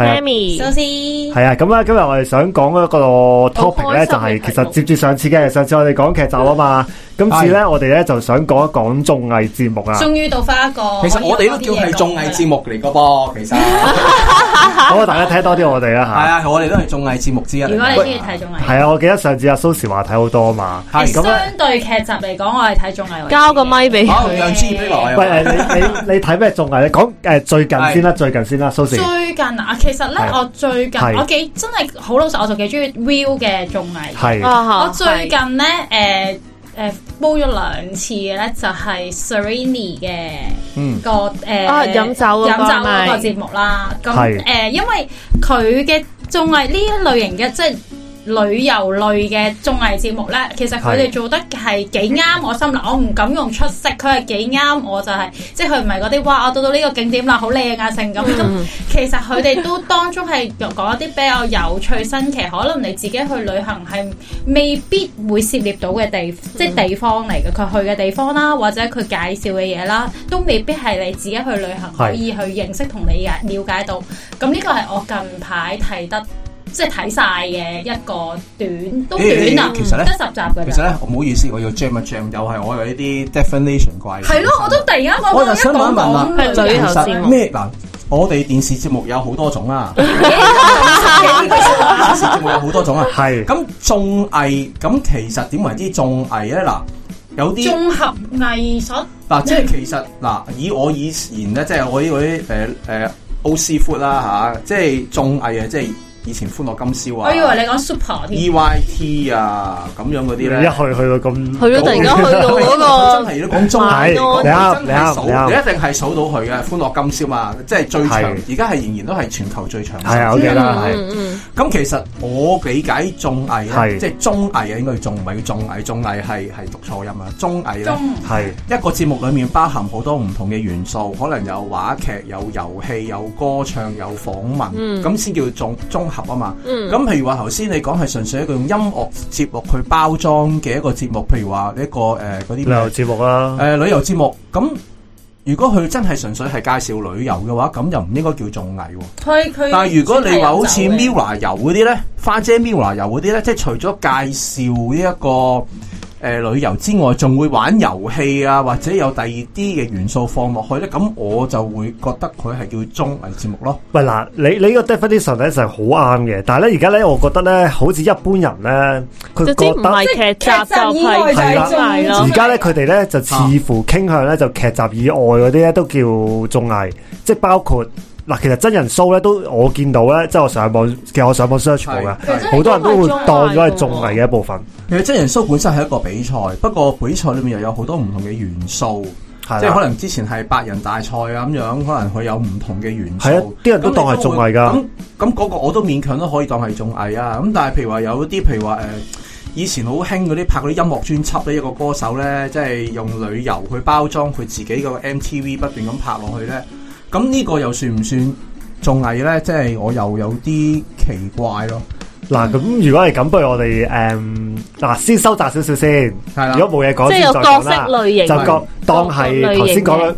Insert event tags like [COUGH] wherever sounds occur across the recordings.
係啊，咁啊，今日我哋想講一個 topic 咧，就係其實接住上次嘅，上次我哋講劇集啊嘛，今次咧我哋咧就想講一講綜藝節目啊。終於到翻一個，其實我哋都叫係綜藝節目嚟噶噃，其實。好啊，大家睇多啲我哋啦嚇。係啊，我哋都係綜藝節目之一。如果你中意睇綜藝，係啊，我記得上次阿蘇思話睇好多啊嘛。相對劇集嚟講，我係睇綜藝為多。交個咪俾楊你你睇咩綜藝？你講誒最近先啦，最近先啦，蘇思。最近其實咧，是我最近是我幾真係好老實，我就幾中意 Will 嘅綜藝。是我最近咧，誒誒是，煲咗兩次嘅咧，那個，就係 Sereni 嘅個誒，飲酒飲酒嗰個節目啦。咁誒是、呃，因為佢嘅綜藝呢一類型嘅，即係。旅遊類嘅綜藝節目咧，其實佢哋做得係幾啱我心諗，是我唔敢用出色，佢係幾啱我就係、是，即係佢唔係嗰啲哇，我到到呢個景點啦，好靚啊，性咁。 [LAUGHS] 其實佢哋都當中係講一啲比較有趣新奇，可能你自己去旅行係未必會涉獵到嘅地，嗯、即係地方嚟嘅。佢去嘅地方啦，或者佢介紹嘅嘢啦，都未必係你自己去旅行可以去認識同是你嘅了解到。咁呢個係我近排睇得。即係睇晒嘅一個短，都短啊，得十集嘅。其實咧，我唔好意思，我要 jam 一 jam，又係我有呢啲 definition 怪。係咯，我都突然間我就想問一問啦，就其實咩嗱？我哋電視節目有好多種啦，電視節目有好多種啊。係咁，綜藝咁其實點為之綜藝咧？嗱，有啲綜合藝術嗱，即係其實嗱，以我以前咧，即係我依嗰啲誒誒歐師傅啦嚇，即係綜藝啊、就是，即係。以前歡樂今宵啊，我以為你講 super E Y T 啊咁樣嗰啲咧，一去去到咁，去到突然間去到嗰個真係都講綜藝，你你一定係數到佢嘅歡樂今宵啊，即係最長，而家係仍然都係全球最長嘅。係，我記得係。咁其實我理解綜藝即係綜藝啊，應該綜唔係叫綜藝，綜藝係係讀錯音啊。綜藝咧係一個節目裡面包含好多唔同嘅元素，可能有話劇、有遊戲、有歌唱、有訪問，咁先叫綜綜。合啊嘛，咁、嗯、譬如話頭先你講係純粹一個用音樂節目去包裝嘅一個節目，譬如話一、這個誒嗰啲旅遊節目啦、啊，誒、呃、旅遊節目，咁如果佢真係純粹係介紹旅遊嘅話，咁又唔應該叫綜藝、啊。但係如果你話好似 Mirror 遊嗰啲咧，花姐 Mirror 遊嗰啲咧，即係除咗介紹呢一個。嗯誒、呃，旅遊之外仲會玩遊戲啊，或者有第二啲嘅元素放落去咧，咁我就會覺得佢係叫綜藝節目咯。喂，嗱，你你個 definition 咧就係好啱嘅，但係咧而家咧，我覺得咧，好似一般人咧，佢覺得劇集就係啦，而家咧佢哋咧就似乎傾向咧就劇集以外嗰啲咧都叫綜藝，即係包括。嗱，其實真人 show 咧都我見到咧，即係我上網，其實我上網 search 過嘅，好多人都會當咗係綜藝嘅一部分。其實真人 show 本身係一個比賽，不過比賽裏面又有好多唔同嘅元素，的即係可能之前係百人大賽啊咁樣，可能佢有唔同嘅元素。係啊，啲人都當係綜藝㗎。咁咁嗰個我都勉強都可以當係綜藝啊。咁但係譬如話有啲，譬如話誒、呃，以前好興嗰啲拍嗰啲音樂專輯咧，一個歌手咧，即係用旅遊去包裝佢自己個 MTV，不斷咁拍落去咧。咁呢個又算唔算綜藝咧？即係我又有啲奇怪咯。嗱，咁如果係咁，不如我哋誒，嗱，先收窄少少先。係啦。如果冇嘢講，即係有角色類型就當係頭先講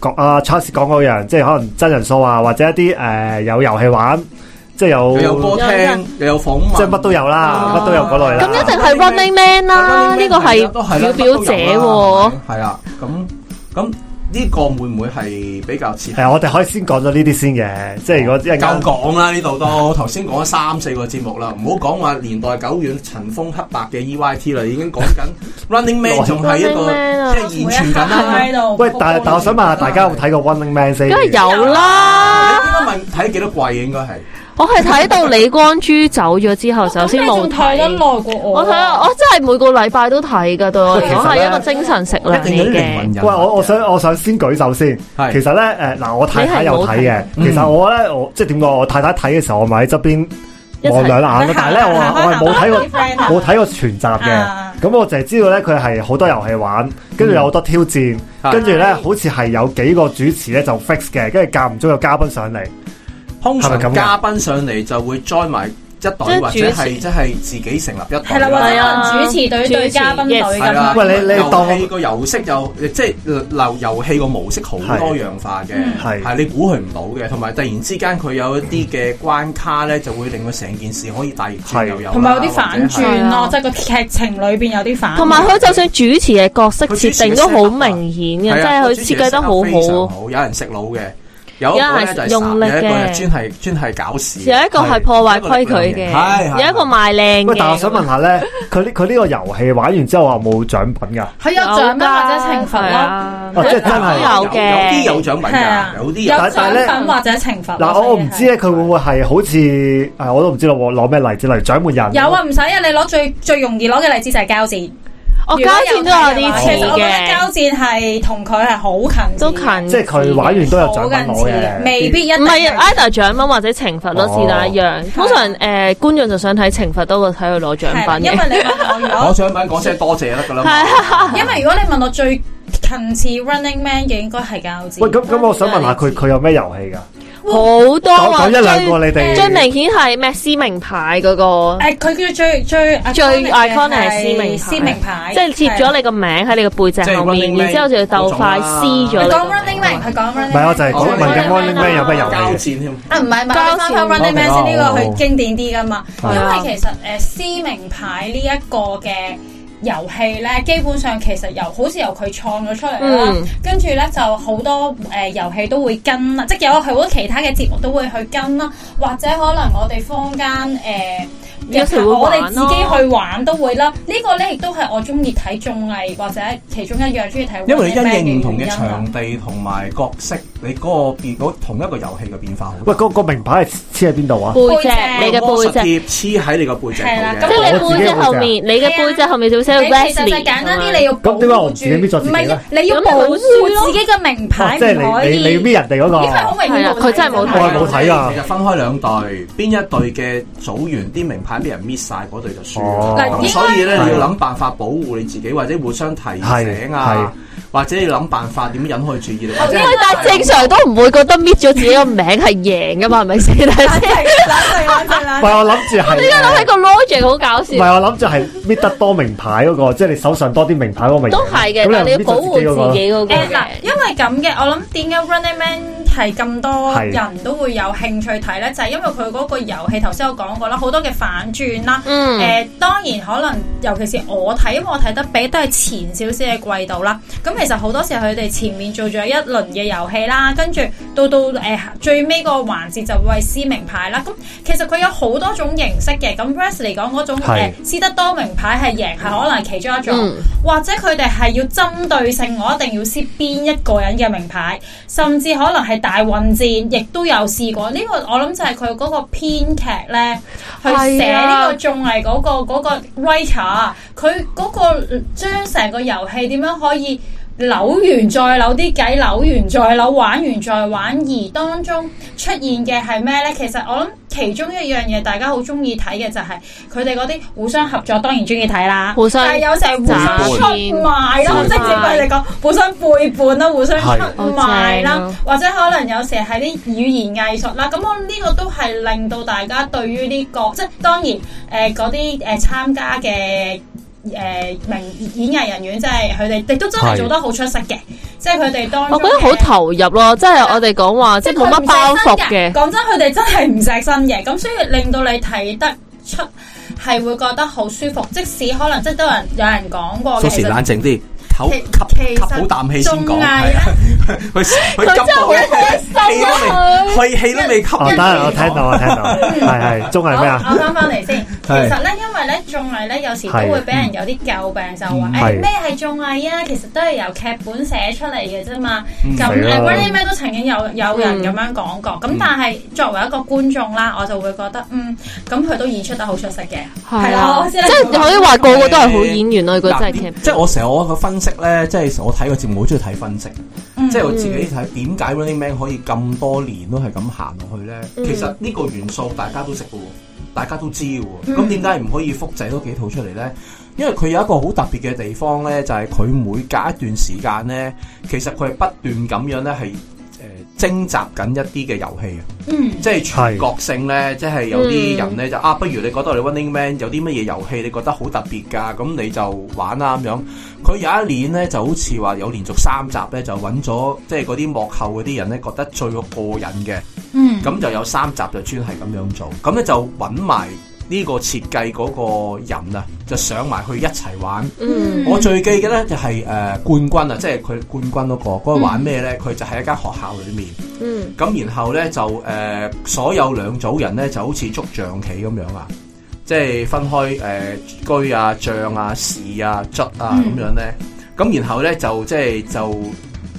講阿 Charles 講嗰樣，即係可能真人 show 啊，或者一啲誒有遊戲玩，即係有有歌聽，有訪問，即係乜都有啦，乜都有嗰類啦。咁一定係 Running Man 啦，呢個係表表姐。係啊，咁咁。呢個會唔會係比較似？係，我哋可以先講咗呢啲先嘅，即係如果即係夠講啦呢度都，頭先講咗三四個節目啦，唔好講話年代久遠、塵封黑白嘅 EYT 啦，已經講緊 Running Man，仲係一個即係延續緊啦。喂，但係但我想問下大家會睇過 Running Man 先？梗係有啦。你應該問睇幾多季應該係？我係睇到李光洙走咗之後，首先冇睇。得耐過我睇，我真係每個禮拜都睇噶都。我係一個精神食糧嚟嘅。喂，我我想我想先舉手先。其實咧，誒嗱，我太太有睇嘅。其實我咧，我即係點講？我太太睇嘅時候，我咪喺側邊望兩眼咯。但係咧，我我冇睇過冇睇過全集嘅。咁我淨係知道咧，佢係好多遊戲玩，跟住有好多挑戰，跟住咧好似係有幾個主持咧就 fix 嘅，跟住間唔中有嘉賓上嚟。通常咁，嘉賓上嚟就會 join 埋一隊，或者係即係自己成立一隊啦。主持隊對嘉賓隊咁。係啦，喂，你你遊戲個遊戲又即係遊遊戲個模式好多樣化嘅，係你估佢唔到嘅。同埋突然之間佢有一啲嘅關卡咧，就會令佢成件事可以大逆轉同埋有啲反轉咯，即係個劇情裏邊有啲反轉。同埋佢就算主持嘅角色設定都好明顯嘅，即係佢設計得好好。好有人食腦嘅。有一個係用力嘅，專係專係搞事；有一個係破壞規矩嘅；有一個賣靚。但我想問下咧，佢呢佢呢個遊戲玩完之後有冇獎品噶？係有獎品或者懲罰啦。哦，即係真係有啲有獎品噶，有啲有獎品或者懲罰。嗱，我唔知咧，佢會唔會係好似誒，我都唔知道，攞咩例子嚟？獎門人？有啊，唔使啊，你攞最最容易攞嘅例子就係膠紙。我交戰都有啲似嘅，我覺得交戰係同佢係好近，都近，即係佢玩完都有走嘅，未必一定唔係。Ada 獎品或者懲罰都是但一樣，通常誒觀眾就想睇懲罰多過睇佢攞獎品嘅。因為你，攞獎品，講聲多謝得噶啦。因為如果你問我最近似 Running Man 嘅，應該係交戰。喂，咁咁，我想問下佢佢有咩遊戲噶？好多啊！講一兩個你哋最明顯係咩？撕名牌嗰個，佢叫最最最 icon 嘅係撕名撕名牌，即係貼咗你個名喺你個背脊後面，然之後就要鬥快撕咗。你講 Running man 係講 Running man，唔係我就係講 Running man 有咩遊戲嘅嘢？啊，唔係唔係，講緊 Running man 先，呢個佢經典啲噶嘛，因為其實誒撕名牌呢一個嘅。遊戲咧，基本上其實由好似由佢創咗出嚟啦，跟住咧就好多誒、呃、遊戲都會跟啦，即係有好多其他嘅節目都會去跟啦，或者可能我哋坊間誒。呃有時候我哋自己去玩都會啦，呢個咧亦都係我中意睇綜藝或者其中一樣中意睇。因為因應唔同嘅場地同埋角色，你嗰個變嗰同一個遊戲嘅變化。喂，嗰個名牌係黐喺邊度啊？背脊你嘅背脊黐喺你嘅背脊度嘅。咁我背脊後面，你嘅背脊後面就會寫。其實就簡單啲，你要保護自己嘅名牌，唔可以。你係好明顯啊！佢真係冇睇。我冇睇啊！其實分開兩隊，邊一隊嘅組員啲名牌。俾人搣曬嗰對就輸咯，哦、所以咧該要諗辦法保護你自己，的或者互相提醒啊。或者你諗辦法點引開佢注意力？但係正常都唔會覺得搣咗自己個名係贏噶嘛，係咪先？係啦，係啦，係啦。唔係我諗住係。我點解諗喺個邏輯好搞笑？唔係我諗住係搣得多名牌嗰個，即係你手上多啲名牌嗰個。都係嘅，咁你要保護自己嗰個。因為咁嘅，我諗點解 Running Man 係咁多人都會有興趣睇咧，就係因為佢嗰個遊戲頭先我講過啦，好多嘅反轉啦。嗯。誒，當然可能，尤其是我睇，因為我睇得比都係前少少嘅季度啦。咁。咁其實好多時候佢哋前面做咗一輪嘅遊戲啦，跟住到到誒、呃、最尾個環節就會係撕名牌啦。咁其實佢有好多種形式嘅。咁 rest 嚟講嗰種誒撕得多名牌係贏，係可能其中一種，嗯、或者佢哋係要針對性，我一定要撕邊一個人嘅名牌，甚至可能係大混戰，亦都有試過。呢、這個我諗就係佢嗰個編劇咧去寫呢個綜藝嗰個嗰、啊那個那個 writer，佢嗰、那個將成個遊戲點樣可以。扭完再扭啲計，扭完再扭玩完再玩，而當中出現嘅係咩呢？其實我諗其中一樣嘢，大家好中意睇嘅就係佢哋嗰啲互相合作，當然中意睇啦。互相，但係有時係互相出賣咯，即係伴直接嚟講，互相背叛啦，互相出賣啦，啊、或者可能有時係啲語言藝術啦。咁我呢個都係令到大家對於呢、這個，即係當然誒嗰啲誒參加嘅。誒名演藝人員，即係佢哋亦都真係做得好出色嘅，即係佢哋當我覺得好投入咯，即係我哋講話，即係冇乜包袱嘅。講真，佢哋真係唔錫身嘅，咁所以令到你睇得出，係會覺得好舒服。即使可能即係都有人有人講過，即時冷靜啲。唞吸吸好啖氣先講，佢佢吸到氣都未，廢氣都未吸。得啦，我聽到我聽到，係係。綜藝咩啊？我翻翻嚟先。其實咧，因為咧，綜藝咧有時都會俾人有啲詬病，就話誒咩係綜藝啊？其實都係由劇本寫出嚟嘅啫嘛。咁誒 Running Man 都曾經有有人咁樣講過。咁但係作為一個觀眾啦，我就會覺得嗯，咁佢都演出得好出色嘅。係啦，即係可以話個個都係好演員咯。如果真係劇，即係我成日我個分。咧，嗯、 [NOISE] 即係我睇個節目，好中意睇分析。即係我自己睇，點解 Running Man 可以咁多年都係咁行落去咧？其實呢個元素大家都識嘅，大家都知嘅。咁點解唔可以複製多幾套出嚟咧？因為佢有一個好特別嘅地方咧，就係、是、佢每隔一段時間咧，其實佢係不斷咁樣咧係。誒，徵集緊一啲嘅遊戲啊，嗯，即係全國性咧，是即係有啲人咧就、嗯、啊，不如你覺得你《Running Man》有啲乜嘢遊戲你覺得好特別噶，咁你就玩啦咁樣。佢有一年咧就好似話有連續三集咧就揾咗，即係嗰啲幕後嗰啲人咧覺得最過癮嘅，嗯，咁就有三集就專係咁樣做，咁咧就揾埋。呢個設計嗰個人啊，就上埋去一齊玩。嗯、我最記嘅咧就係誒冠軍啊，即係佢冠軍嗰、那個。嗰、嗯、個玩咩咧？佢就喺一間學校裏面。咁、嗯、然後咧就誒、呃，所有兩組人咧就好似捉象棋咁樣啊，即係分開誒、呃，居啊、象啊、士啊、卒啊咁樣咧。咁、嗯、然後咧就即係、就是、就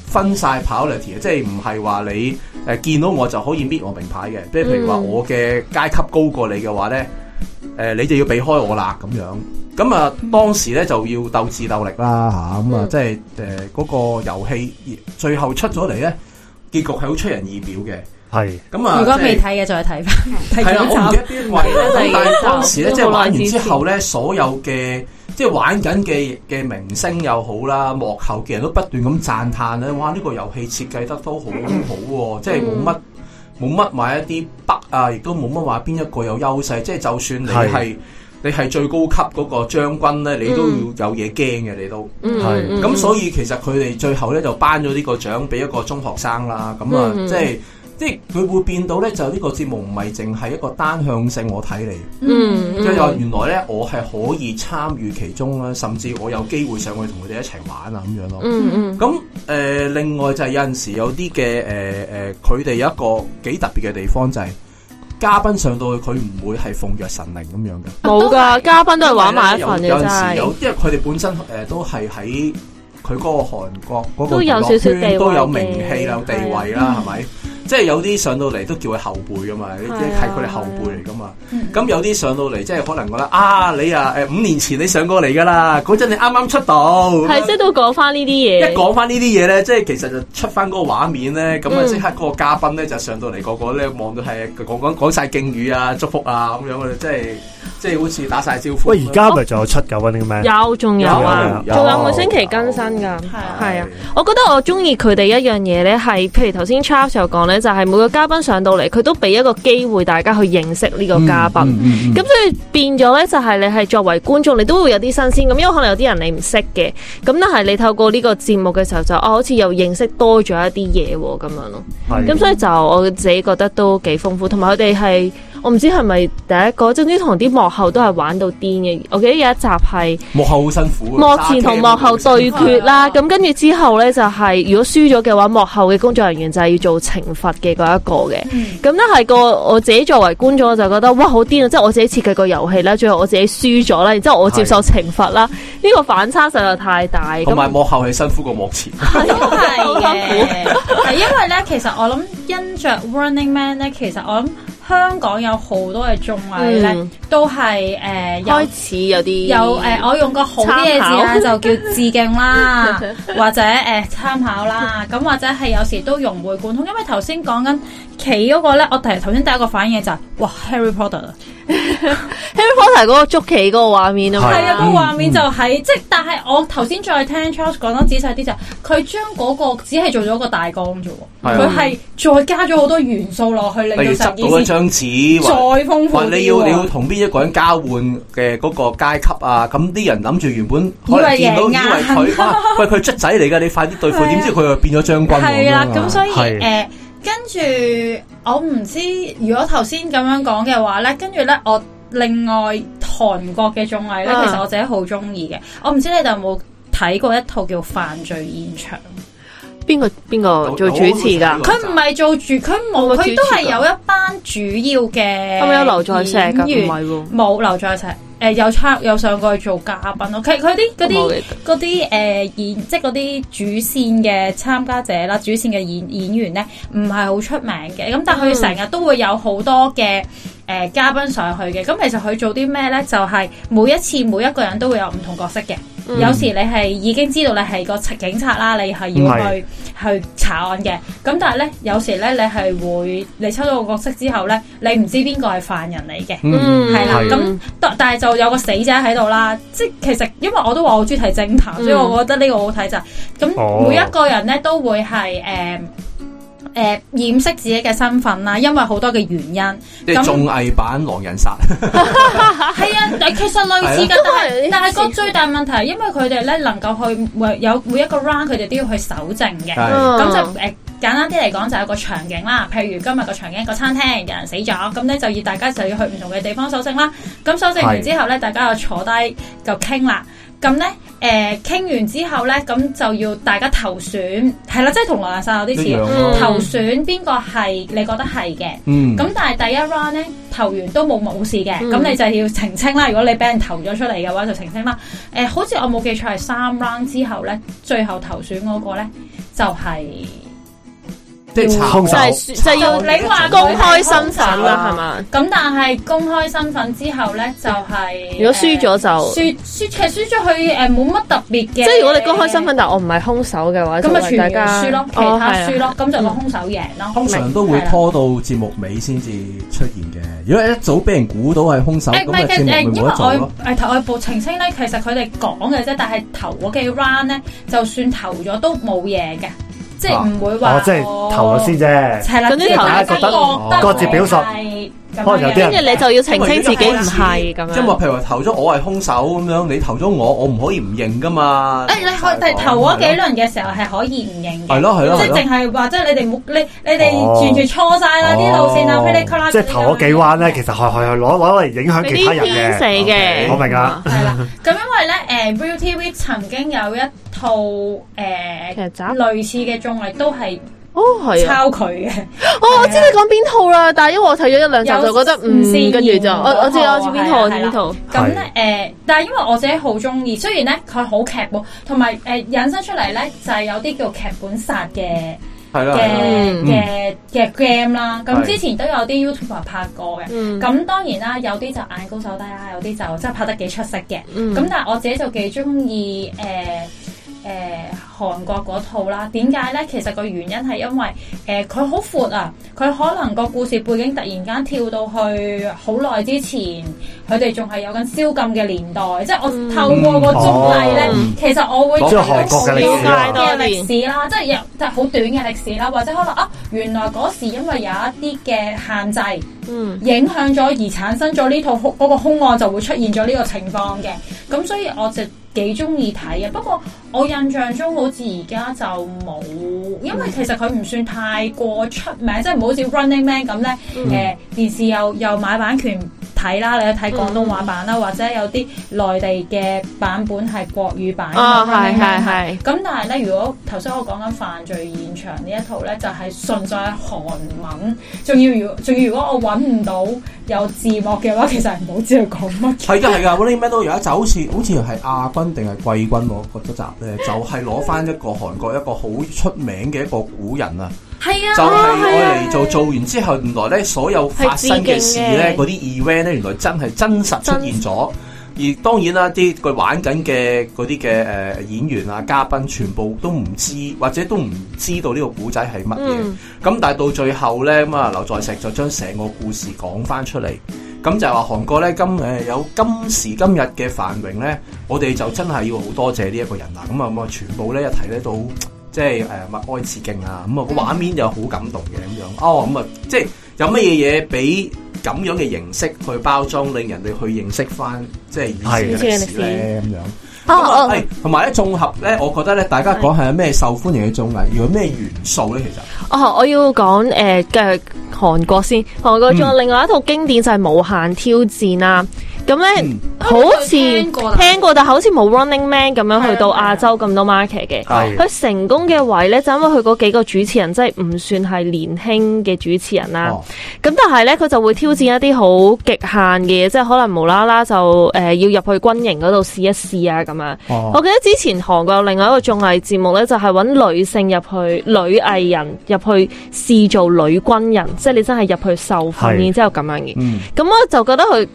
分晒跑嚟跳，即係唔係話你誒見到我就可以搣我名牌嘅。即係譬如話我嘅階級高過你嘅話咧。嗯嗯誒，你就要避開我啦咁樣，咁啊，當時咧就要鬥智鬥力啦吓，咁啊、嗯，即係誒嗰個遊戲，最後出咗嚟，咧，結局係好出人意表嘅，係是。咁啊那，如果未睇嘅再睇翻。睇下第 90,，我唔記得邊位。 [LAUGHS] 但係當時咧 [LAUGHS] 即係玩完之後咧，所有嘅即係玩緊嘅嘅明星又好啦，幕後嘅人都不斷咁讚嘆咧，哇！呢、這個遊戲設計得都好好喎，即係冇乜。 [COUGHS] 冇乜買一啲北啊，亦都冇乜話邊一個有優勢。即係就算你係是你係最高級嗰個將軍咧，嗯、你都要有嘢驚嘅，你都係。咁是、嗯、所以其實佢哋最後咧就頒咗呢個獎俾一個中學生啦。咁啊，嗯嗯即係。即係佢會變到咧，就呢個節目唔係淨係一個單向性我，我睇你。嗯，即係話原來咧，嗯、我係可以參與其中啦，甚至我有機會上去同佢哋一齊玩啊咁樣咯、嗯。嗯嗯。咁誒、呃，另外就係有陣時有啲嘅誒誒，佢、呃、哋、呃、有一個幾特別嘅地方就係、是、嘉賓上到去，佢唔會係奉若神靈咁樣嘅。冇噶、啊，嘉賓都係、啊、是玩埋一份嘅啫。有陣時有，因為佢哋本身誒、呃、都係喺佢嗰個韓國嗰個娛樂圈都有名氣啦，有地位啦，係咪？即係有啲上到嚟都叫佢後輩㗎嘛，即係佢哋後輩嚟㗎嘛。咁有啲上到嚟，即係可能覺得啊，你啊誒五年前你上過嚟㗎啦，嗰陣你啱啱出道。係即係都講返呢啲嘢。一講返呢啲嘢咧，即係其實就出返嗰個畫面咧，咁啊即刻嗰個嘉賓咧就上到嚟，個個咧望到係講講講晒敬語啊、祝福啊咁樣，即係即係好似打晒招呼。喂，而家咪仲有七九㗎？有啲咩？有仲有啊？仲有每星期更新㗎。係啊，係啊。我覺得我鍾意佢哋一樣嘢咧，係譬如頭先 Charles 又講咧。就係每個嘉賓上到嚟，佢都俾一個機會大家去認識呢個嘉賓。咁、嗯嗯嗯、所以變咗呢，就係你係作為觀眾，你都會有啲新鮮感，因為可能有啲人你唔識嘅，咁但係你透過呢個節目嘅時候就，就啊好似又認識多咗一啲嘢咁樣咯。咁的所以就我自己覺得都幾豐富，同埋佢哋係。我唔知係咪第一個，總之同啲幕後都係玩到癲嘅。我記得有一集係幕後好辛苦。幕前同幕後對決啦，咁跟住之後咧就係、是嗯、如果輸咗嘅話，幕後嘅工作人員就係要做懲罰嘅嗰一個嘅。咁咧係個我自己作為觀眾，我就覺得，哇，好癲啊！即係、就是、我自己設計個遊戲啦，最後我自己輸咗啦，然之後我接受懲罰啦。呢的個反差實在太大。同埋幕後係辛苦過幕前，係因為咧，其實我諗因着 Running Man 咧，其實我諗。香港有好多嘅綜藝咧，嗯、都係誒、呃、開始有啲有誒、呃，我用個好嘅字咧就叫致敬啦、， [LAUGHS] 呃、啦，或者誒參考啦，咁或者係有時都融會貫通，因為頭先講緊企嗰個咧，我提頭先第一個反應就係、是、哇 Harry Potter。Harry Potter 嗰個捉棋嗰個畫面啊，嘛，係啊個畫面就係即係，但係我頭先再聽 Charles 講得仔細啲就係，佢將嗰個只係做咗個大綱啫，佢係再加咗好多元素落去，令到十二張紙，再豐富啲。你要你要同邊一個人交換嘅嗰個階級啊？咁啲人諗住原本可能見到以為佢哇，喂佢卒仔嚟㗎，你快啲對付，點知佢又變咗將軍喎。係啦，咁所以誒。跟住，我唔知如果頭先咁樣講嘅話咧，跟住咧，我另外韓國嘅綜藝咧，其實我自己好中意嘅。Uh. 我唔知你哋有冇睇過一套叫《犯罪現場》。邊個邊個做主持噶？佢唔係做主，佢冇，佢都係有一班主要嘅、啊呃。有冇有劉在石，噶？唔係喎，冇劉在石，誒，有參有上過去做嘉賓咯。佢佢啲嗰啲啲誒演，即係嗰啲主綫嘅參加者啦，主綫嘅演演員咧，唔係好出名嘅。咁但係佢成日都會有好多嘅誒、呃、嘉賓上去嘅。咁其實佢做啲咩咧？就係、是、每一次每一個人都會有唔同角色嘅。嗯、有時你係已經知道你係個警察啦，你係要去的去查案嘅。咁但係咧，有時咧你係會你抽到個角色之後咧，你唔知邊個係犯人嚟嘅。嗯，係啦的。咁的但但係就有個死者喺度啦。即係其實因為我都話我中意睇偵探，嗯、所以我覺得呢個好睇就咁。每一個人咧、哦、都會係誒。嗯誒掩飾自己嘅身份啦，因為好多嘅原因。即係綜藝版《狼人殺》。係 [LAUGHS] [LAUGHS] 啊，其實類似嘅，但係個最大問題係因為佢哋咧能夠去每有每一個 round，佢哋都要去搜證嘅。咁是就誒、呃、簡單啲嚟講，就有一個場景啦。譬如今日個場景、個餐廳有人死咗，咁咧就要大家就要去唔同嘅地方搜證啦。咁搜證完之後咧，是大家就坐低就傾啦。咁咧，誒傾、呃、完之後咧，咁就要大家投選，係啦，即係同狼人殺有啲似。啊、投選邊個係你覺得係嘅？嗯，咁但係第一 round 咧投完都冇冇事嘅，咁、嗯、你就要澄清啦。如果你俾人投咗出嚟嘅話，就澄清啦。誒、呃，好似我冇記錯係三 round 之後咧，最後投選嗰個咧就係、是。就係就要你話公開身份啦，係嘛？咁但係公開身份之後咧，就係如果輸咗就輸輸其實輸咗佢誒冇乜特別嘅。即係如果你公開身份，但係我唔係兇手嘅話，咁咪全家輸咯，其他輸咯，咁就個兇手贏咯。通常都會拖到節目尾先至出現嘅。如果一早俾人估到係兇手，咁咪節目唔會好做咯。因為我誒頭部澄清咧，其實佢哋講嘅啫，但係投嗰幾 round 咧，就算投咗都冇嘢嘅。即係唔會話，哦，哦即係投咗先啫。係啦、哦，即係大家覺得各自表述、哦。是跟住你就要澄清自己唔係咁樣，因為譬如話投咗我係兇手咁樣，你投咗我，我唔可以唔認噶嘛。誒，你係投嗰幾輪嘅時候係可以唔認嘅，係囉，係囉，即係淨係話即係你哋冇你你哋完全錯晒啦啲路線啊，啦。即係投嗰幾彎咧，其實係係係攞攞嚟影響其他人嘅。我明啊，係啦，咁因為咧誒 ViuTV 曾經有一套誒，其實類似嘅綜藝都係。哦，係抄佢嘅。哦，我知你講邊套啦，但係因為我睇咗一兩集就覺得唔先。跟住就我我知我知邊套邊套。咁咧誒，但係因為我自己好中意，雖然咧佢好劇本，同埋誒引申出嚟咧就係有啲叫做劇本殺嘅，係啦嘅嘅嘅 game 啦。咁之前都有啲 YouTube 拍過嘅。咁當然啦，有啲就眼高手低啦，有啲就真係拍得幾出色嘅。咁但係我自己就幾中意誒。誒、呃、韓國嗰套啦，點解咧？其實個原因係因為誒佢好闊啊，佢可能個故事背景突然間跳到去好耐之前，佢哋仲係有緊消禁嘅年代，嗯、即係我透過個綜藝咧，嗯、其實我會了解到歷史啦，即係又即係好短嘅歷史啦，或者可能啊，原來嗰時因為有一啲嘅限制，嗯，影響咗而產生咗呢套嗰、那個兇案就會出現咗呢個情況嘅，咁所以我就，幾中意睇呀，不過我印象中好似而家就冇，因為其實佢唔算太過出名，嗯、即係唔好似 Running Man 咁咧。誒、嗯，電視、呃、又又買版權睇啦，你睇廣東話版啦，或者有啲內地嘅版本係國語版。哦，係係係，咁但係咧，如果頭先我講緊犯罪現場呢一套咧，就係純粹係韓文，仲要如仲要，要如果我揾唔到有字幕嘅話，其實係唔 [LAUGHS] 好知佢講乜。係噶，係噶 Running Man 都而家就好似好似係亞軍定係季軍，嗰集咧就係攞翻一個韓國一個好出名嘅一個古人啊。 [LAUGHS] 係啊， [NOISE] 就係愛嚟做 [NOISE] 做完之後，原來咧所有發生嘅事咧，嗰啲 event 咧，原來真係真實出現咗。實而當然啦，啲佢玩緊嘅嗰啲嘅誒演員啊嘉賓，全部都唔知或者都唔知道呢個古仔係乜嘢。咁、嗯、但係到最後咧咁啊劉在石就將成個故事講翻出嚟。咁就係話韓國咧今誒有今時今日嘅繁榮咧，我哋就真係要好多謝呢一個人啦。咁啊咁啊，全部咧一睇咧都。即係誒默哀致敬啊，咁、那、啊個畫面又好感動嘅咁樣哦，咁啊即係有乜嘢嘢俾咁樣嘅形式去包裝，令人哋去認識翻即係歷史咧咁樣哦。誒同埋咧綜合咧，嗯、我覺得咧大家講係有咩受歡迎嘅綜藝，如果咩元素咧？其實哦，我要講誒嘅韓國先，韓國仲有另外一套經典、嗯、就係《無限挑戰》啊。咁咧，好似聽過，但好似冇 Running Man 咁樣去到亞洲咁多 market 嘅。佢成功嘅位咧，就因為佢嗰幾個主持人，即係唔算係年輕嘅主持人啦。咁但係咧，佢就會挑戰一啲好極限嘅嘢，即係可能無啦啦就誒要入去軍營嗰度試一試啊咁樣。我記得之前韓國有另外一個綜藝節目咧，就係揾女性入去女藝人入去試做女軍人，即係你真係入去受訓然之後咁樣嘅。嗯，咁我就覺得佢。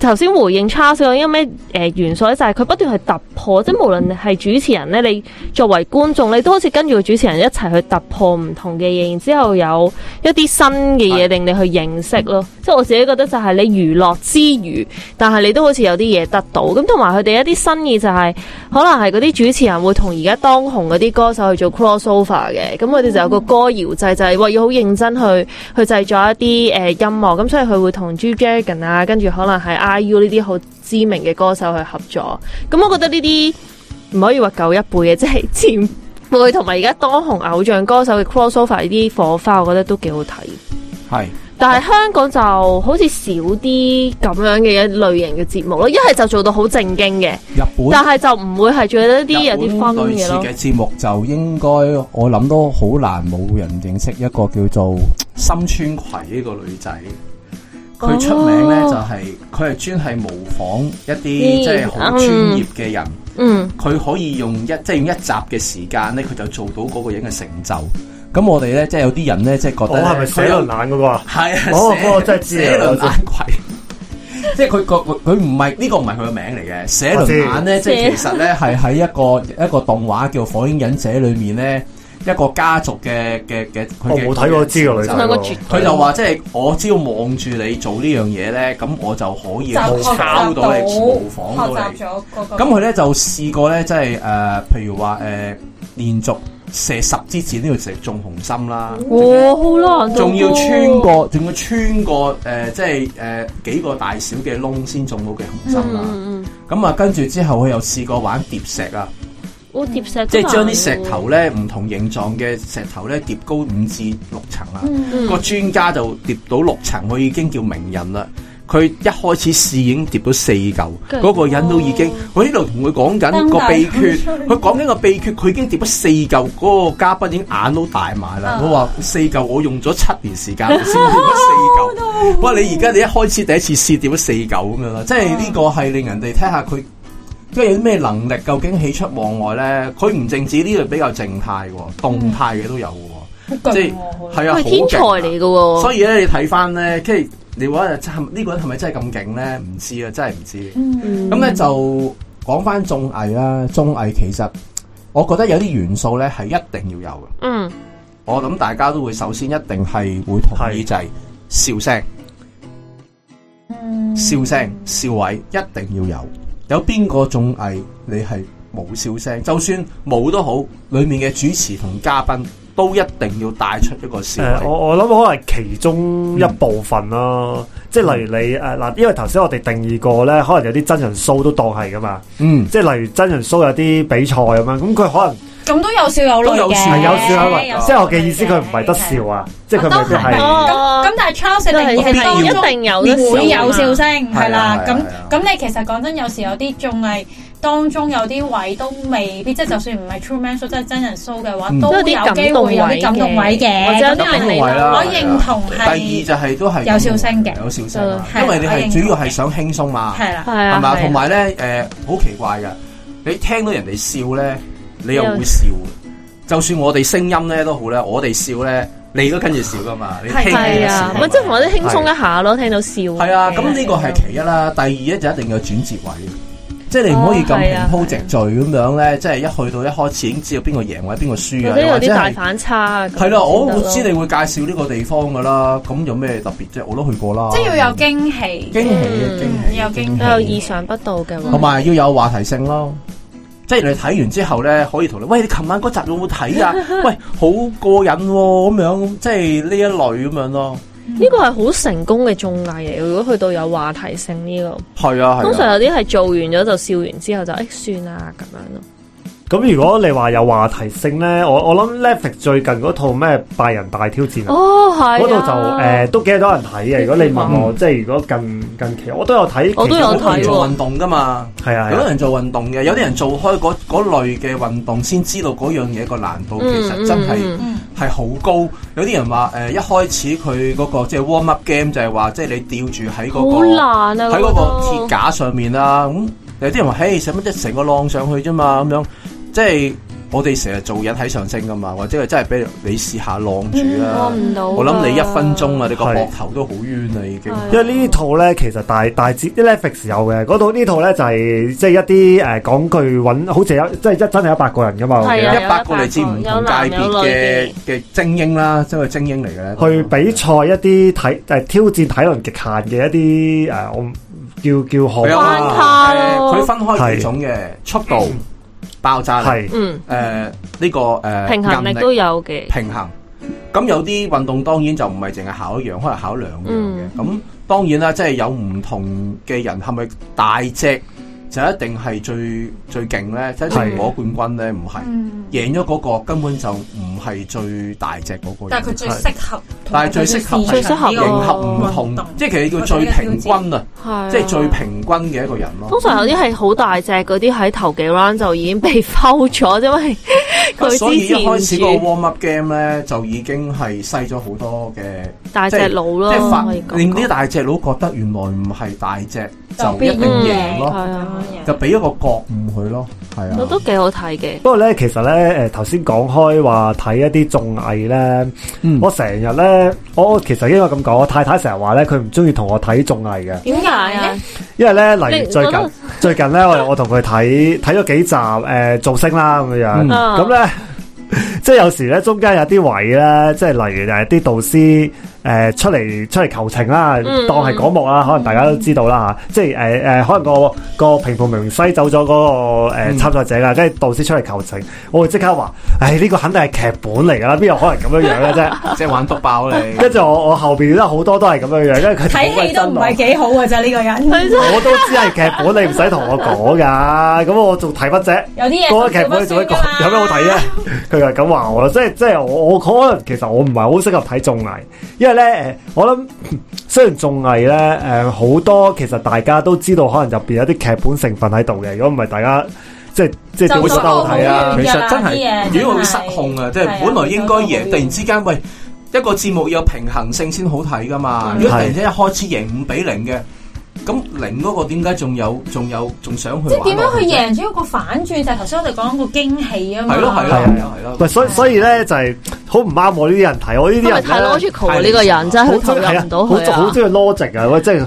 頭先回應 Charles，因咩誒元素咧，就係、是、佢不斷去突破，即係無論係主持人咧，你作為觀眾你都好似跟住個主持人一齊去突破唔同嘅嘢，然之後有一啲新嘅嘢令你去認識咯。的即係我自己覺得就係你娛樂之餘，但係你都好似有啲嘢得到咁，同埋佢哋一啲新意、就是，就係可能係嗰啲主持人會同而家當紅嗰啲歌手去做 cross over 嘅，咁佢哋就有個歌謠制，就係、是、話要好認真去去製作一啲誒、呃、音樂，咁所以佢會同 G Dragon 啊，跟住可能係。IU 呢啲好知名嘅歌手去合作，咁我覺得呢啲唔可以話舊一輩嘅，即係前輩同埋而家當紅偶像歌手嘅 crossover 呢啲火花，我覺得都幾好睇。係，但係香港就好似少啲咁樣嘅一類型嘅節目咯，一係就做到好正經嘅，日本但係就唔會係做得一啲有啲 fun 嘅咯。日本類似嘅節目就應該我諗都好難冇人認識一個叫做深川葵呢個女仔。佢出名咧就係佢係專係模仿一啲即係好專業嘅人，佢、嗯、可以用一即係、就是、用一集嘅時間咧，佢就做到嗰個人嘅成就。咁我哋咧即係有啲人咧即係覺得我係咪寫輪眼嗰個？係啊，嗰個真係知啊，寫輪眼鬼。即係佢個佢唔係呢個唔係佢嘅名嚟嘅，寫輪眼咧即係其實咧係喺一個一個動畫叫《火影忍者》裏面咧。一個家族嘅嘅嘅佢冇睇過知個女仔。佢就話即係我只要望住你做呢樣嘢咧，咁我就可以抄到你模仿到佢。咁佢咧就試過咧，即係誒，譬如話誒，連續射十支箭都要食中紅心啦。好難！仲要穿過，仲要穿過誒，即係誒幾個大小嘅窿先中到嘅紅心啦。咁啊，跟住之後佢又試過玩疊石啊。嗯、即係將啲石頭咧，唔、嗯、同形狀嘅石頭咧，疊高五至六層啦。嗯、個專家就疊到六層，佢已經叫名人啦。佢一開始試已經疊到四嚿，嗰、嗯、個人都已經，我呢度同佢講緊個秘訣。佢講緊個秘訣，佢已經疊咗四嚿，嗰、個嘉賓已經眼都大埋啦。我話四嚿，我用咗七年時間先疊咗四嚿。我話、啊、你而家你一開始第一次試疊咗四嚿咁樣啦，即係呢個係令人哋睇下佢。因為有啲咩能力，究竟喜出望外咧？佢唔淨止，呢度比較靜態、哦，嗯、動態嘅都有嘅，即係是係、嗯、啊，天才嚟嘅、哦。所以咧，你睇翻咧，即係你話啊，呢個人係咪真係咁勁咧？唔知啊，真係唔知。咁咧、嗯嗯、就講翻綜藝啦。綜藝其實我覺得有啲元素咧係一定要有嘅。嗯，我諗大家都會首先一定係會同意就係、是、笑聲，嗯、笑聲笑位一定要有。有邊個綜藝你係冇笑聲？就算冇都好，裏面嘅主持同嘉賓都一定要帶出一個笑、呃。我我諗可能係其中一部分咯、啊，嗯、即係例如你誒嗱、啊，因為頭先我哋定義過咧，可能有啲真人 show 都當係噶嘛，嗯，即係例如真人 show 有啲比賽咁樣，咁、嗯、佢可能。咁都有笑有樂嘅，係有笑有樂。即係我嘅意思，佢唔係得笑啊，即係佢唔係得係。咁但係 Charles 一定係一定有啲笑，有笑聲係啦。咁咁你其實講真，有時有啲綜藝，當中有啲位都未必，即係就算唔係 True Man Show，即係真人 show 嘅話，都有機會有啲感動位嘅。我認同。第二就係都係有笑聲嘅，有笑聲。因為你係主要係想輕鬆嘛。係啦，係係嘛。同埋咧，誒，好奇怪㗎，你聽到人哋笑咧，你又會笑，就算我哋聲音咧都好咧，我哋笑咧，你都跟住笑噶嘛？你係啊，咪即係同我哋輕鬆一下咯，聽到笑。係啊，咁呢個係其一啦，第二咧就一定要轉折位，即係你唔可以咁平鋪直敘咁樣咧，即係一去到一開始已經知道邊個贏或者邊個輸呀，有啲大反差。係啦，我知你會介紹呢個地方噶啦，咁有咩特別？即我都去過啦，即係要有驚喜，驚喜，有驚都有意想不到嘅，同埋要有話題性咯。即係你睇完之後咧，可以同你喂，你琴晚嗰集有冇睇啊？ [LAUGHS] 喂，好過癮咁、喎、樣，即係呢一類咁樣咯。呢個係好成功嘅綜藝嚟！如果去到有話題性呢、呢個，係啊係。啊通常有啲係做完咗就笑完之後就誒、哎、算啦咁樣咯。咁如果你話有話題性咧，我我諗 Netflix 最近嗰套咩百人大挑戰、哦、啊，嗰度就誒、呃、都幾多人睇嘅。如果你問我，嗯、即係如果近近期，我都有睇，我都有睇做運動噶嘛，係啊，啊有啲人做運動嘅，有啲人做開嗰嗰類嘅運動，先知道嗰樣嘢個難度、嗯、其實真係係好高。有啲人話誒、呃，一開始佢嗰、那個即係 warm up game 就係話，即係你吊住喺嗰個好難啊，喺嗰個鐵架上面啊，咁、那個嗯、有啲人話，嘿使乜一成個浪上去啫嘛，咁樣。即係我哋成日做人喺上升噶嘛，或者係真係俾你試下晾住啦。我諗你一分鐘啊，你個膊頭都好冤啦已經。因為呢套咧，其實大大節 Netflix 有嘅。嗰套呢套咧就係即係一啲誒講句搵，好似有即係一真係一百個人噶嘛，一百個嚟自唔同界別嘅嘅精英啦，即係精英嚟嘅，去比賽一啲體誒挑戰體能極限嘅一啲誒，我叫叫何。分佢分開兩種嘅速度。爆炸力，誒呢個誒、呃、平衡力，力都有嘅平衡。咁有啲運動，當然就唔係淨係考一樣，可能考兩樣嘅。咁、嗯、當然啦，即、就、係、是、有唔同嘅人係咪大隻？就一定係最最勁咧，睇下攞冠軍咧，唔係贏咗嗰個根本就唔係最大隻嗰個。但係佢最適合，但係最適合，最適合迎合唔同，即係其實叫最平均啊，即係最平均嘅一個人咯。通常有啲係好大隻嗰啲，喺頭幾 round 就已經被抽咗，因為佢所以一開始個 warm up game 咧就已經係細咗好多嘅，大隻佬咯，令啲大隻佬覺得原來唔係大隻就一定贏咯。就俾一個覺悟佢咯，係啊，我都幾好睇嘅。不過咧，其實咧，誒、呃，頭先講開話睇一啲綜藝咧，嗯、我成日咧，我其實應該咁講，我太太成日話咧，佢唔中意同我睇綜藝嘅。點解啊？因為咧，例如最近最近咧，我我同佢睇睇咗幾集誒、呃，造星啦咁樣，咁咧。 [LAUGHS] 即係有時咧，中間有啲位咧，即係例如誒啲導師誒、呃、出嚟出嚟求情啦，當係講幕啦，可能大家都知道啦、嗯、即係誒誒，可能、那個、嗯、個評判明明西走咗嗰、那個誒、呃、參賽者啦，跟住導師出嚟求情，我會即刻話，誒呢、這個肯定係劇本嚟㗎啦，邊有可能咁樣樣咧？即係玩毒爆你。跟住我我後邊都好多都係咁樣樣，因為佢睇戲都唔係幾好㗎啫，呢、這個人 [LAUGHS] 我都知係劇本，你唔使同我講㗎，咁我仲睇乜啫？有啲嘢講劇本你做一個有咩好睇啊？佢係咁即係即係我，我可能其實我唔係好適合睇綜藝，因為咧我諗，雖然綜藝咧誒好多其實大家都知道可能入邊有啲劇本成分喺度嘅，如果唔係大家即係即係會覺得好睇啊，其實真係如果會失控啊！即係是本來應該贏，的突然之間喂的一個節目有平衡性先好睇噶嘛，的如果突然之間一開始贏五比零嘅。咁零嗰個點解仲有仲有仲想去，去？即係點樣去贏咗一個反轉？就頭先我哋講個驚喜啊嘛！係咯係咯係咯係咯！所以所以咧就係好唔啱我呢啲人睇。我，我呢啲人睇，我呢個人真係好睇唔到佢好中意 logic 啊，哎！我真係。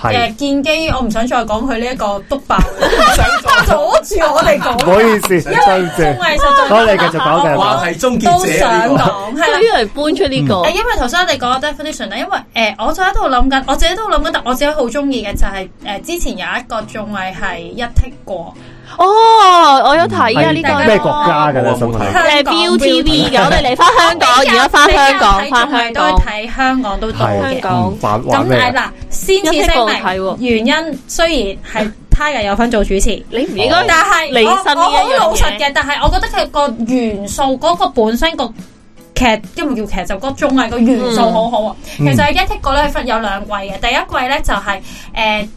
係，建基，我唔想再講佢呢一個督白，阻住我哋講。唔好意思，真正，我哋繼續講第二版，都想講，係啦，因為搬出呢個。誒，因為頭先我哋講個 definition 啦，因為誒，我就喺度諗緊，我自己都諗緊，但我自己好中意嘅就係，誒，之前有一個綜藝係一剔過。哦，我有睇啊！呢個咩國家嘅想睇。啊，係 Viu TV 咁。我哋嚟翻香港，而家翻香港，翻香港都睇香港都多嘅。咁係嗱，先至聲明原因，雖然係他又有份做主持，你唔應該。但係我我好老實嘅，但係我覺得佢個元素嗰個本身個劇，因為叫劇就個綜藝個元素好好啊。其實《一踢過》咧分有兩季嘅，第一季咧就係誒。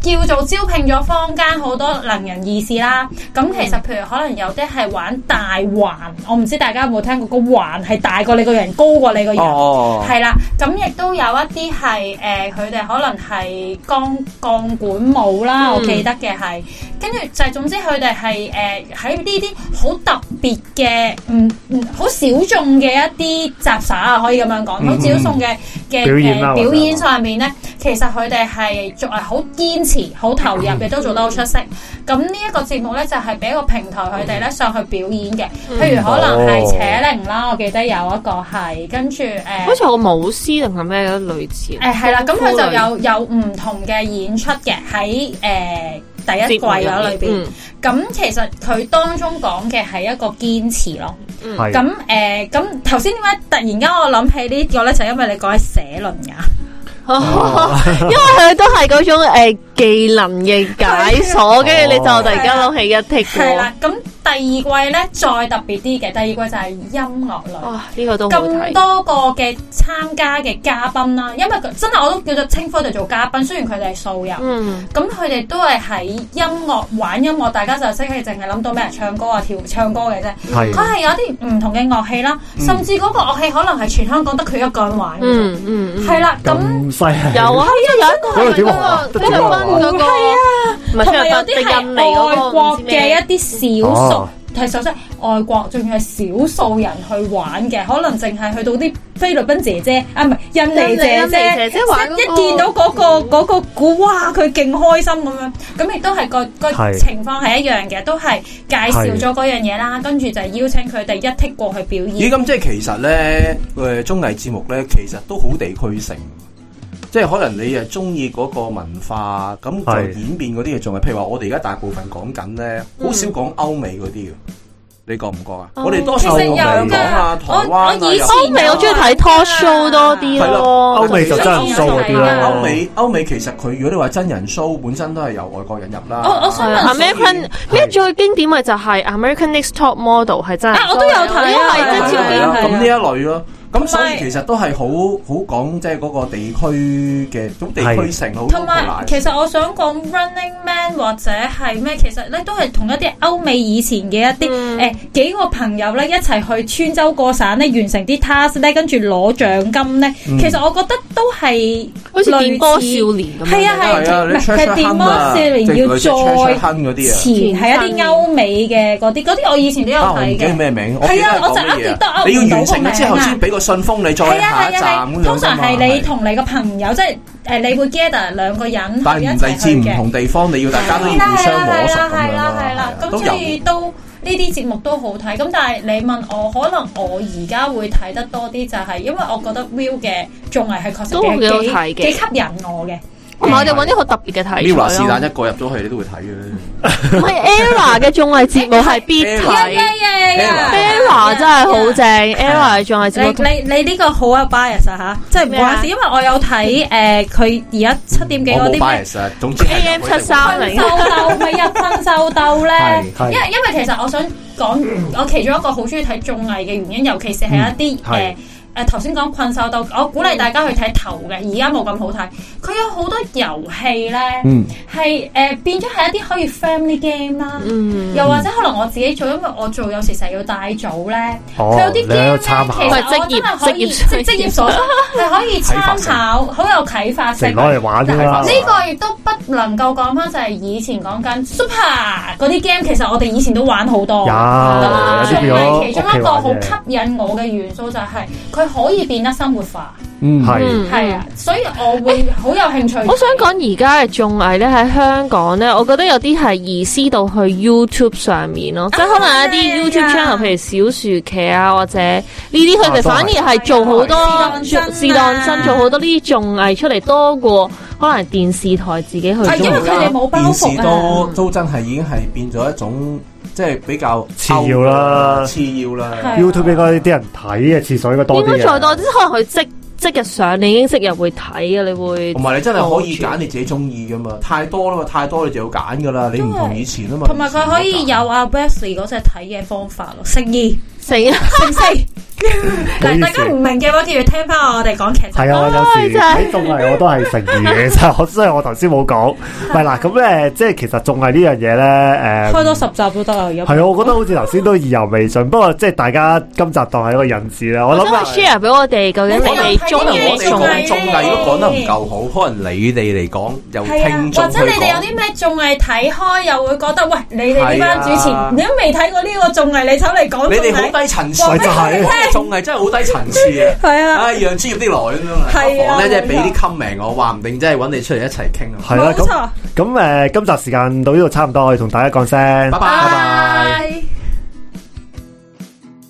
叫做招聘咗坊間好多能人異士啦，咁其實譬如可能有啲係玩大環，我唔知大家有冇聽過個環係大過你個人，高過你個人？哦，係啦，咁亦都有一啲係誒，呃，佢哋可能係鋼鋼管舞啦，我記得嘅係。嗯跟住就係總之佢哋係誒喺呢啲好特別嘅唔唔好小眾嘅一啲雜耍啊，可以咁樣講，好小眾嘅嘅表演上面咧，其實佢哋係做誒好堅持、好投入嘅，都做得好出色。咁呢一個節目咧，就係俾一個平台佢哋咧上去表演嘅，譬、嗯、如可能係扯鈴啦，我記得有一個係跟住誒，呃、好似有個舞獅定係咩咧，類似誒、啊、係、嗯、啦，咁、嗯、佢就有有唔同嘅演出嘅喺誒。第一季嗰裏邊，咁、嗯、其實佢當中講嘅係一個堅持咯。咁、嗯、誒，咁頭先點解突然間我諗起個呢個咧，就係、因為你講起寫輪眼，哦、 [LAUGHS] 因為佢都係嗰種誒、呃、技能嘅解鎖，跟住 [LAUGHS] 你就突然間諗起一踢波。第二季咧再特別啲嘅，第二季就係音樂類。哇，呢個都好睇。咁多個嘅參加嘅嘉賓啦，因為真係我都叫做清科嚟做嘉賓，雖然佢哋係素人。嗯嗯。咁佢哋都係喺音樂玩音樂，大家就識係淨係諗到咩人唱歌啊、跳唱歌嘅啫。係。佢係有啲唔同嘅樂器啦，甚至嗰個樂器可能係全香港得佢一個人玩。嗯係啦，咁有啊，因為有一個啲樂器啊，同埋有啲係外國嘅一啲少數。係首先，外國仲要係少數人去玩嘅，可能淨係去到啲菲律賓姐姐啊，唔係印尼姐姐。姐姐一見到嗰個嗰個鼓，哇！佢勁開心咁樣，咁亦都係個個情況係一樣嘅，都係介紹咗嗰樣嘢啦，跟住就邀請佢哋一踢過去表演。咦！咁即係其實咧，誒綜藝節目咧，其實都好地區性。即係可能你誒中意嗰個文化，咁就演變嗰啲嘢仲係，譬如話我哋而家大部分講緊咧，好少講歐美嗰啲嘅，你覺唔覺啊？我哋多數係講啊台灣啊。歐美我中意睇 talk show 多啲咯，歐美就真人 show 嗰啲啦。歐美歐美其實佢如果你話真人 show，本身都係由外國人入啦。我我想問，American 咩最經典嘅就係 American Next Top Model 係真係啊？我都有睇係真係超經典，咁呢一類咯。咁所以其實都係好好講，即係嗰個地區嘅地區性同埋，其實我想講 Running Man 或者係咩，其實咧都係同一啲歐美以前嘅一啲誒幾個朋友咧一齊去穿州過省咧完成啲 task 咧，跟住攞獎金咧。其實我覺得都係好似電波少年。係啊係啊，電波少年要再前係一啲歐美嘅嗰啲嗰啲，我以前都有睇嘅。咩名？係啊，我就一直都勾唔到個名信封你再下一站咁樣，通常係你同你個朋友，即係誒，你會 gather 兩個人，但係唔類似唔同地方，你要大家都互相落實咁樣。係啦係啦係啦係啦，咁所以都呢啲節目都好睇。咁但係你問我，可能我而家會睇得多啲就係，因為我覺得 Viu 嘅綜藝係確實幾幾吸引我嘅。同埋我哋揾啲好特別嘅睇咯。Error 是但一個入咗去，你都會睇嘅。唔係 Error 嘅綜藝節目係必睇，Error 真係好正。Error 嘅綜藝節目，你你呢個好有 bias 啊，吓，即係唔話事，因為我有睇誒，佢而家七點幾嗰啲咩 AM 七三零，收逗咪一分收逗咧？因因為其實我想講我其中一個好中意睇綜藝嘅原因，尤其是係一啲誒。誒頭先講困獸鬥，我鼓勵大家去睇頭嘅，而家冇咁好睇。佢有好多遊戲咧，係誒變咗係一啲可以 family game 啦，又或者可能我自己做，因為我做有時成日要帶組咧，佢有啲 game 咧，其實我真係可以，即係職業所你可以參考，好有啟發性。攞嚟玩啫嘛，呢個亦都不能夠講翻就係以前講緊 super 嗰啲 game，其實我哋以前都玩好多。有仲係其中一個好吸引我嘅元素就係佢可以變得生活化。嗯，係係啊，所以我會好有興趣。我想講而家嘅綜藝咧，喺香港咧，我覺得有啲係移師到去 YouTube 上面咯，即係可能一啲 YouTube channel，譬如小薯茄啊或者呢啲，佢哋反而係做好多是當真做好多呢啲綜藝出嚟，多過可能電視台自己去做啦，因為佢哋冇包袱。電視多都真係已經係變咗一種即係比較次要啦，次要啦。YouTube 俾嗰啲人睇嘅次數應該多啲。應該再多啲，可能佢積。即日上，你已經識入去睇啊！你會同埋你真係可以揀你自己中意噶嘛？太多啦嘛，太多你就要揀噶啦！為你唔同以前啊嘛，同埋佢可以有阿 Wesley 嗰隻睇嘅方法咯。成二、啊，成二，成四。嗱，大家唔明嘅話，不如聽翻我哋講劇情。係啊，有時睇綜藝我都係食嘢，嘅。所以我頭先冇講。唔係咁咧，即係其實綜藝呢樣嘢咧，誒開多十集都得啊。係啊，我覺得好似頭先都意猶未盡，不過即係大家今集當係一個引子啦。我諗啊，share 俾我哋究竟你哋中唔中綜藝都講得唔夠好？可能你哋嚟講由聽眾去講。或者你哋有啲咩綜藝睇開又會覺得喂，你哋呢班主持，你都未睇過呢個綜藝，你走嚟講綜藝，狂吠就係。仲係真係好低層次 [LAUGHS] 啊！係、哎、啊，唉，楊千葉啲來咁樣啊，不妨咧，即係俾啲 comment 我，話唔定真係揾你出嚟一齊傾咯。係啦，咁咁誒，今集時間到呢度差唔多，我哋同大家講聲，拜拜。